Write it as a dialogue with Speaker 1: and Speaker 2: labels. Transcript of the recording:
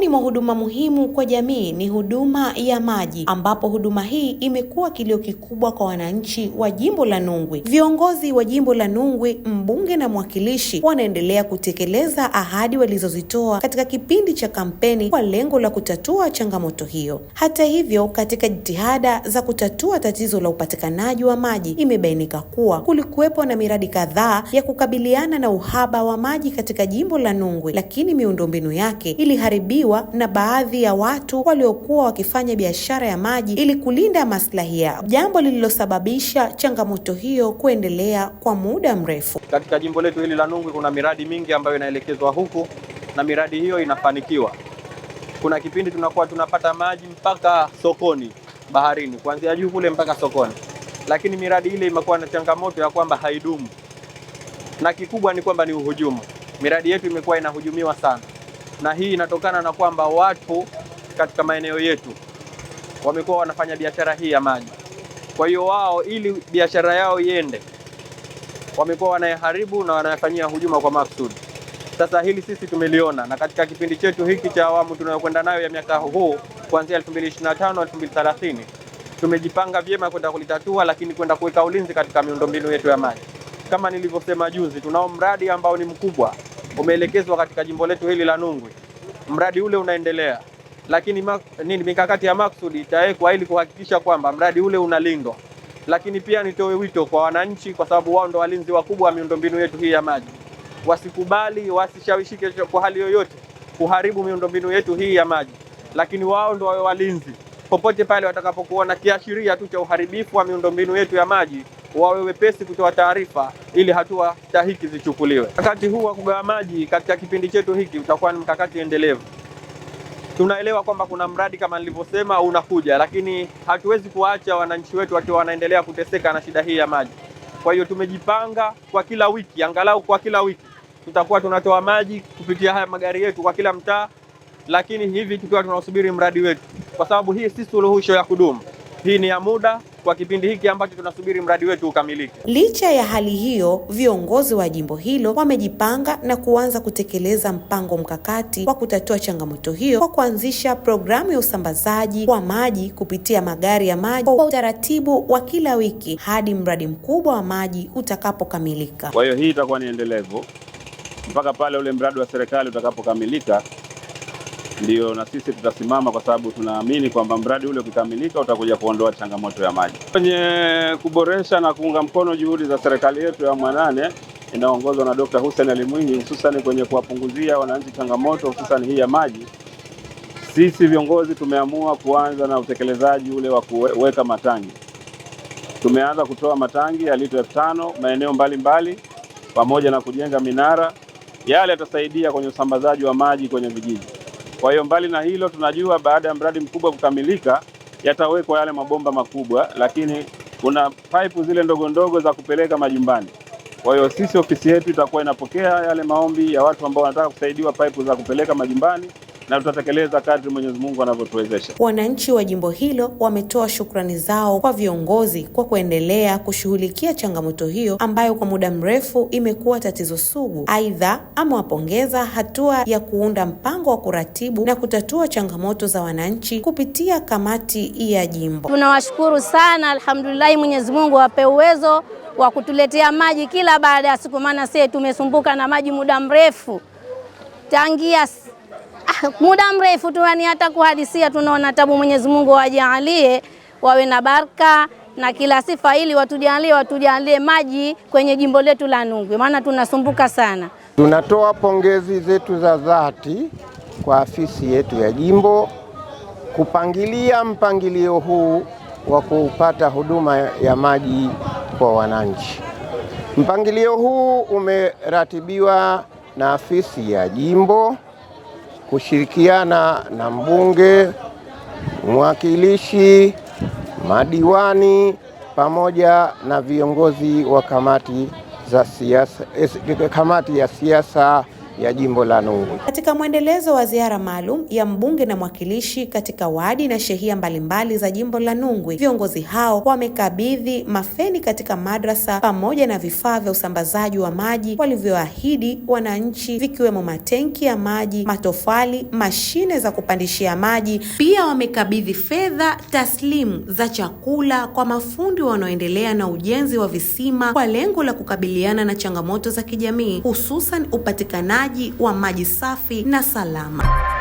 Speaker 1: Miongoni mwa huduma muhimu kwa jamii ni huduma ya maji, ambapo huduma hii imekuwa kilio kikubwa kwa wananchi wa jimbo la Nungwi. Viongozi wa jimbo la Nungwi, mbunge na mwakilishi, wanaendelea kutekeleza ahadi walizozitoa katika kipindi cha kampeni kwa lengo la kutatua changamoto hiyo. Hata hivyo, katika jitihada za kutatua tatizo la upatikanaji wa maji, imebainika kuwa kulikuwepo na miradi kadhaa ya kukabiliana na uhaba wa maji katika jimbo la Nungwi, lakini miundombinu yake iliharibiwa kuchukuliwa na baadhi ya watu waliokuwa wakifanya biashara ya maji ili kulinda maslahi yao, jambo lililosababisha changamoto hiyo kuendelea kwa muda mrefu.
Speaker 2: Katika jimbo letu hili la Nungwi kuna miradi mingi ambayo inaelekezwa huku na miradi hiyo inafanikiwa. Kuna kipindi tunakuwa tunapata maji mpaka sokoni baharini, kuanzia juu kule mpaka sokoni, lakini miradi ile imekuwa na changamoto ya kwamba haidumu, na kikubwa ni kwamba ni uhujumu. Miradi yetu imekuwa inahujumiwa sana na hii inatokana na kwamba watu katika maeneo yetu wamekuwa wanafanya biashara hii ya maji. Kwa hiyo wao, ili biashara yao iende, wamekuwa wanayaharibu na wanayafanyia hujuma kwa maksudi. Sasa hili sisi tumeliona, na katika kipindi chetu hiki cha awamu tunayokwenda nayo ya miaka huu kuanzia 2025 2030 tumejipanga vyema kwenda kulitatua, lakini kwenda kuweka ulinzi katika miundombinu yetu ya maji. Kama nilivyosema juzi, tunao mradi ambao ni mkubwa umeelekezwa katika jimbo letu hili la Nungwi. Mradi ule unaendelea, lakini nini, mikakati ya maksudi itawekwa ili kuhakikisha kwamba mradi ule unalindwa. Lakini pia nitoe wito kwa wananchi, kwa sababu wao ndo walinzi wakubwa wa miundombinu yetu hii ya maji, wasikubali, wasishawishike kwa hali yoyote kuharibu miundombinu yetu hii ya maji, lakini wao ndo wawe walinzi popote pale watakapokuona kiashiria tu cha uharibifu wa miundombinu yetu ya maji wawe wepesi kutoa taarifa ili hatua stahiki zichukuliwe. Mkakati huu wa kugawa maji katika kipindi chetu hiki utakuwa ni mkakati endelevu. Tunaelewa kwamba kuna mradi kama nilivyosema unakuja, lakini hatuwezi kuwaacha wananchi wetu wakiwa wanaendelea kuteseka na shida hii ya maji. Kwa hiyo tumejipanga kwa kila wiki, angalau kwa kila wiki tutakuwa tunatoa maji kupitia haya magari yetu kwa kila mtaa, lakini hivi tukiwa tunausubiri mradi wetu, kwa sababu hii si suluhisho ya kudumu hii ni ya muda kwa kipindi hiki ambacho tunasubiri mradi wetu ukamilike.
Speaker 1: Licha ya hali hiyo, viongozi wa jimbo hilo wamejipanga na kuanza kutekeleza mpango mkakati wa kutatua changamoto hiyo kwa kuanzisha programu ya usambazaji wa maji kupitia magari ya maji kwa utaratibu wa kila wiki hadi mradi mkubwa wa maji utakapokamilika.
Speaker 2: Kwa hiyo hii itakuwa ni endelevu mpaka pale ule mradi wa serikali utakapokamilika ndio na sisi tutasimama, kwa sababu tunaamini kwamba mradi ule ukikamilika utakuja kuondoa changamoto ya maji. Kwenye kuboresha na kuunga mkono juhudi za serikali yetu ya mwanane inaongozwa na Dkt. Hussein Ali Mwinyi, kwenye kuwapunguzia wananchi changamoto hususani hii ya maji, sisi viongozi tumeamua kuanza na utekelezaji ule wa kuweka matangi. Tumeanza kutoa matangi ya lita elfu tano maeneo mbalimbali pamoja na kujenga minara. Yale yatasaidia kwenye usambazaji wa maji kwenye vijiji. Kwa hiyo mbali na hilo, tunajua baada ya mradi mkubwa kukamilika yatawekwa yale mabomba makubwa, lakini kuna pipe zile ndogo ndogo za kupeleka majumbani. Kwa hiyo sisi ofisi yetu itakuwa inapokea yale maombi ya watu ambao wanataka kusaidiwa pipe za kupeleka majumbani na tutatekeleza kadri Mwenyezi Mungu anavyotuwezesha.
Speaker 1: Wananchi wa jimbo hilo wametoa shukrani zao kwa viongozi kwa kuendelea kushughulikia changamoto hiyo ambayo kwa muda mrefu imekuwa tatizo sugu. Aidha, amewapongeza hatua ya kuunda mpango wa kuratibu na kutatua changamoto za wananchi kupitia kamati ya jimbo.
Speaker 3: Tunawashukuru sana, alhamdulillahi, Mwenyezi Mungu awape uwezo wa kutuletea maji kila baada ya siku, maana sie tumesumbuka na maji muda mrefu tangia muda mrefu tu, yani hata kuhadisia tunaona tabu. Mwenyezi Mungu wajalie wawe na baraka na kila sifa, ili watujalie watujalie maji kwenye jimbo letu la Nungwi, maana tunasumbuka sana.
Speaker 4: Tunatoa pongezi zetu za dhati kwa afisi yetu ya jimbo kupangilia mpangilio huu wa kupata huduma ya maji kwa wananchi. Mpangilio huu umeratibiwa na afisi ya jimbo kushirikiana na mbunge, mwakilishi, madiwani pamoja na viongozi wa kamati za siasa, eh, kamati ya siasa ya jimbo la Nungwi.
Speaker 1: Katika mwendelezo wa ziara maalum ya mbunge na mwakilishi katika wadi na shehia mbalimbali za jimbo la Nungwi, viongozi hao wamekabidhi mafeni katika madrasa pamoja na vifaa vya usambazaji wa maji walivyoahidi wananchi, vikiwemo matenki ya maji, matofali, mashine za kupandishia maji. Pia wamekabidhi fedha taslimu za chakula kwa mafundi wanaoendelea na ujenzi wa visima kwa lengo la kukabiliana na changamoto za kijamii, hususan upatikanaji upatikanaji wa maji safi na salama.